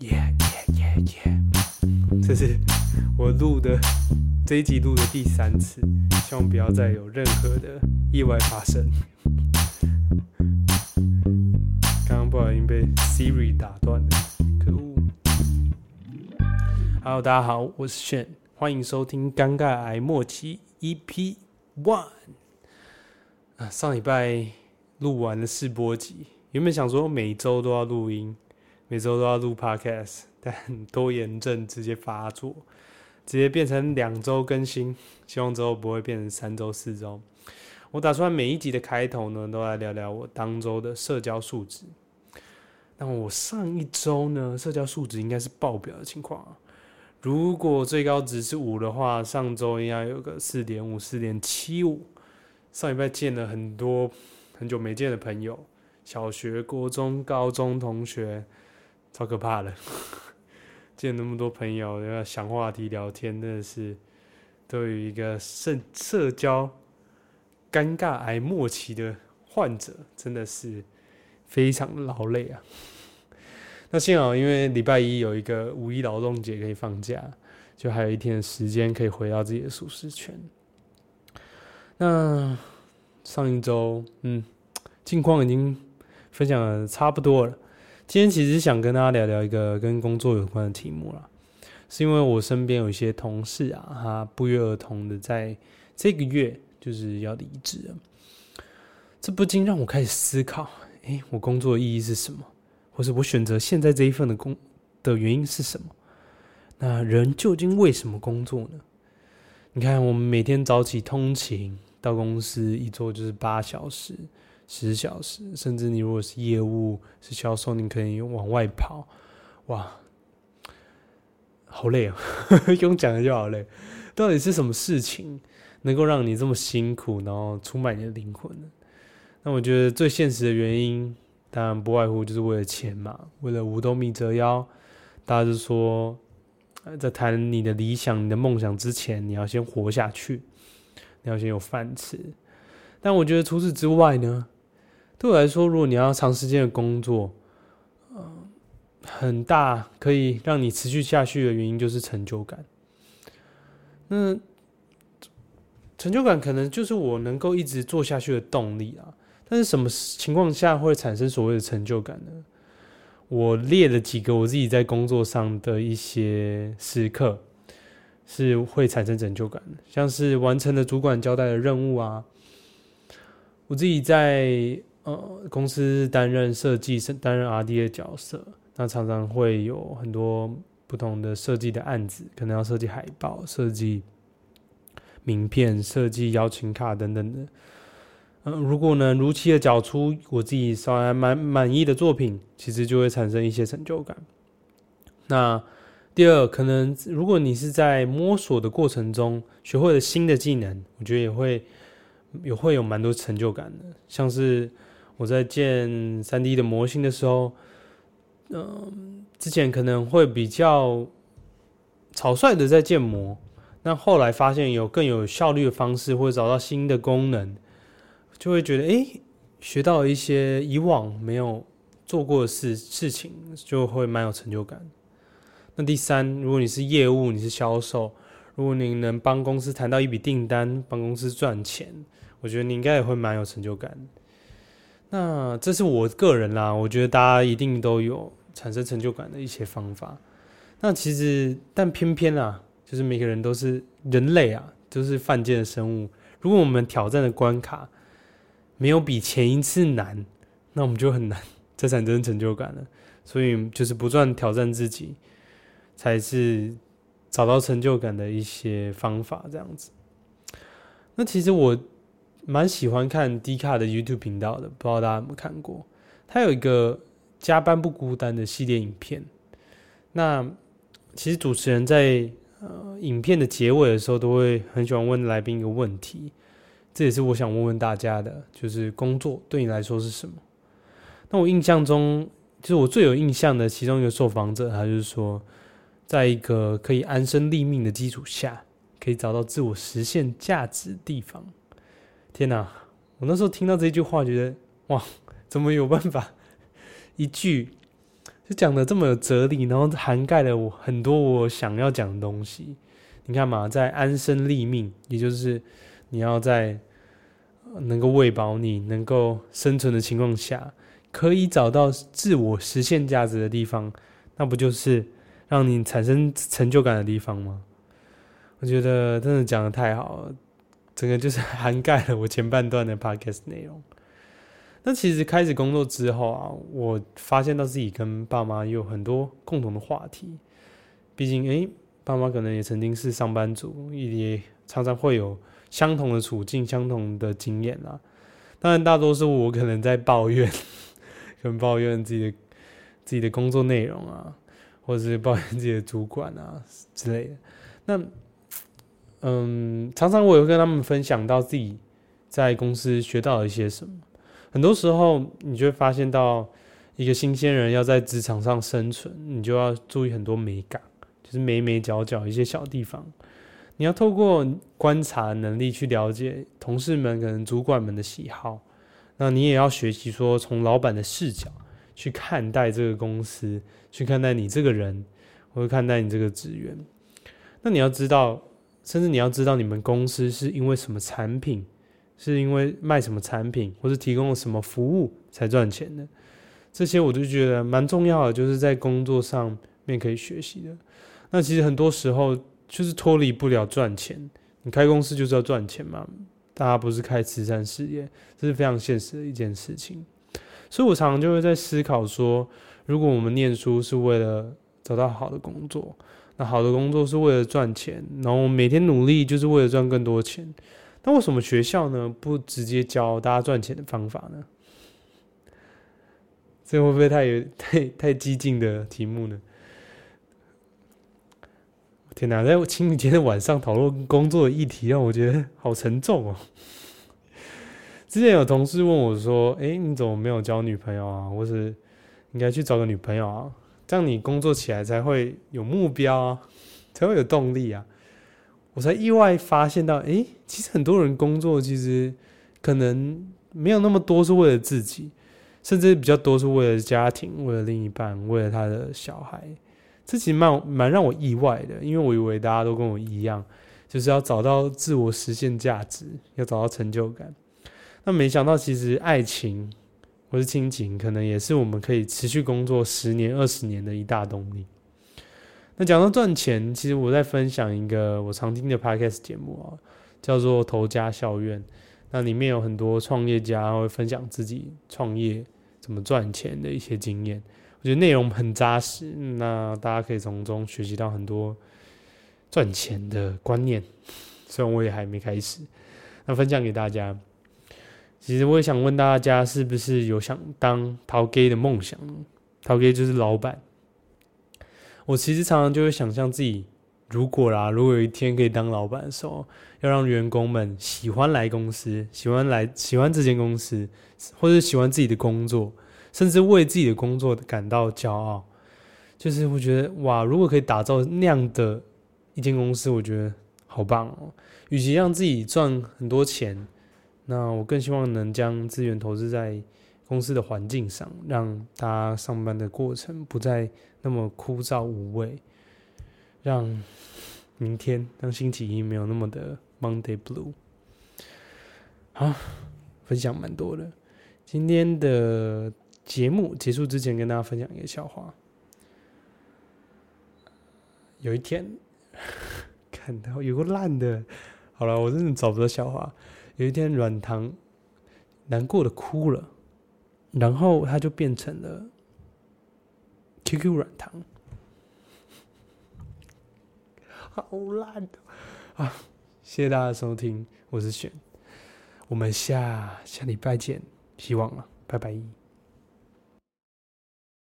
Yeah yeah yeah yeah，這是我錄的這一集錄的第三次，希望不要再有任何的意外發生。剛剛不小心被 Siri 打斷了，可惡！Hello，大家好，我是 Shane，歡迎收聽《尷尬癌末期 EP One》啊、呃，上禮拜錄完了試播集。原本想說每周都要錄音，每周都要錄 Podcast，但拖延症直接發作，直接變成兩周更新。希望之後不會變成三周、四周。我打算每一集的開頭呢，都來聊聊我當周的社交數值。那我上一周呢，社交數值應該是爆表的情況啊。如果最高值是五的話，上周應該有個四點五、四點七五。上禮拜見了很多很久沒見的朋友。小學、國中、高中同學，超可怕的！ 見了那麼多朋友，要想話題聊天，真的是對於一個社社交尷尬癌末期的患者，真的是非常勞累啊。那幸好，因為禮拜一有一個五一勞動節可以放假，就還有一天的時間可以回到自己的舒適圈。那上一周，嗯，近況已經分享的差不多了。今天其實想跟大家聊聊一個跟工作有關的題目啦，是因為我身邊有一些同事啊，他不約而同的在這個月就是要離職了。這不禁讓我開始思考：哎，我工作的意義是什麼？或是我選擇現在這一份的工的原因是什麼？那人究竟為什麼工作呢？你看，我們每天早起通勤到公司，一坐就是八小時。十小時，甚至你如果是業務是銷售，你可以往外跑，哇，好累啊！ 用講的就好累。到底是什麼事情能夠讓你這麼辛苦，然後出賣你的靈魂呢？那我覺得最現實的原因，當然不外乎就是為了錢嘛，為了五斗米折腰。大家就說，在談你的理想、你的夢想之前，你要先活下去，你要先有飯吃。但我覺得除此之外呢？對我來說，如果你要長時間的工作，嗯，很大可以讓你持續下去的原因就是成就感。那成就感可能就是我能夠一直做下去的動力啊。但是什麼情況下會產生所謂的成就感呢？我列了幾個我自己在工作上的一些時刻是會產生成就感的，像是完成了主管交代的任務啊，我自己在，呃，公司擔任設計、擔任 RD 的角色，那常常會有很多不同的設計的案子，可能要設計海報、設計名片、設計邀請卡等等的。嗯、呃，如果能如期的交出我自己稍微滿滿意的作品，其實就會產生一些成就感。那第二，可能如果你是在摸索的過程中，學會了新的技能，我覺得也會也會有蠻多成就感的，像是。我在建 3D 的模型的時候，嗯、呃，之前可能會比較草率的在建模，那後來發現有更有效率的方式，或者找到新的功能，就會覺得誒、欸，學到一些以往沒有做過的事事情，就會蠻有成就感。那第三，如果你是業務，你是銷售，如果你能幫公司談到一筆訂單，幫公司賺錢，我覺得你應該也會蠻有成就感。那這是我個人啦，我覺得大家一定都有產生成就感的一些方法。那其實，但偏偏啦、啊，就是每個人都是人類啊，都、就是犯賤的生物。如果我們挑戰的關卡沒有比前一次難，那我們就很難再產生成就感了。所以，就是不斷挑戰自己，才是找到成就感的一些方法。這樣子。那其實我。蠻喜歡看 Dcard 的 YouTube 頻道的，不知道大家有沒有看過。他有一個加班不孤單的系列影片。那其實主持人在呃影片的結尾的時候，都會很喜歡問來賓一個問題。這也是我想問問大家的，就是工作對你來說是什麼？那我印象中，就是我最有印象的其中一個受訪者，他就是說，在一個可以安身立命的基礎下，可以找到自我實現價值的地方。天哪、啊！我那時候聽到這句話，覺得哇，怎麼有辦法一句就講的這麼有哲理，然後涵蓋了我很多我想要講的東西。你看嘛，在安身立命，也就是你要在能夠餵飽你、能夠生存的情況下，可以找到自我實現價值的地方，那不就是讓你產生成就感的地方嗎？我覺得真的講的太好了。整個就是涵蓋了我前半段的 podcast 內容。那其實開始工作之後啊，我發現到自己跟爸媽有很多共同的話題。畢竟，哎，爸媽可能也曾經是上班族，也常常會有相同的處境、相同的經驗啦、啊。當然，大多數我可能在抱怨，可能抱怨自己的自己的工作內容啊，或者是抱怨自己的主管啊之類的。嗯、那嗯，常常我也會跟他們分享到自己在公司學到一些什麼。很多時候，你就會發現到一個新鮮人要在職場上生存，你就要注意很多美感，就是眉眉角角一些小地方，你要透過觀察能力去了解同事們跟主管們的喜好。那你也要學習說，從老闆的視角去看待這個公司，去看待你這個人，或者看待你這個職員。那你要知道。甚至，你要知道你們公司是因為什麼產品，是因為賣什麼產品，或是提供了什麼服務才賺錢的，這些我就覺得蠻重要的，就是在工作上面可以學習的。那其實很多時候就是脫離不了賺錢，你開公司就是要賺錢嘛，大家不是開慈善事業，這是非常現實的一件事情。所以我常常就會在思考說，如果我們念書是為了找到好的工作。那好的工作是為了賺錢，然後每天努力就是為了賺更多錢。那為什麼學校呢，不直接教大家賺錢的方法呢？這會不會太有太太激進的題目呢？天哪，在我清明節的晚上討論工作的議題，讓我覺得好沉重哦。之前有同事問我說：“哎、欸，你怎麼沒有交女朋友啊？我是應該去找個女朋友啊？”這樣你工作起來才會有目標啊，才會有動力啊！我才意外發現到，哎、欸，其實很多人工作其實可能沒有那麼多是為了自己，甚至比較多是為了家庭、為了另一半、為了他的小孩。這其實蠻蠻讓我意外的，因為我以為大家都跟我一樣，就是要找到自我實現價值，要找到成就感。那沒想到，其實愛情。或是親情，可能也是我們可以持續工作十年、二十年的一大動力。那講到賺錢，其實我在分享一個我常聽的 podcast 節目啊，叫做《投家校院》，那裡面有很多創業家會分享自己創業怎麼賺錢的一些經驗，我覺得內容很扎實，那大家可以從中學習到很多賺錢的觀念。雖然我也還沒開始，那分享給大家。其實我也想問大家，是不是有想當頭家的夢想？頭家就是老闆。我其實常常就會想象自己，如果啦，如果有一天可以當老闆的時候，要讓員工們喜歡來公司，喜歡來喜歡這間公司，或者喜歡自己的工作，甚至為自己的工作感到驕傲。就是我覺得哇，如果可以打造那樣的一間公司，我覺得好棒哦、喔。與其讓自己賺很多錢。那我更希望能將資源投資在公司的環境上，讓大家上班的過程不再那麼枯燥無味，讓明天、讓星期一沒有那麼的 Monday Blue。好，分享蠻多的。今天的節目結束之前，跟大家分享一個笑話。有一天， 看到有個爛的，好了，我真的找不到笑話。有一天，軟糖難過的哭了，然後他就變成了 QQ 軟糖，好爛啊！謝謝大家收聽，我是玄，我們下下禮拜見，希望了，拜拜。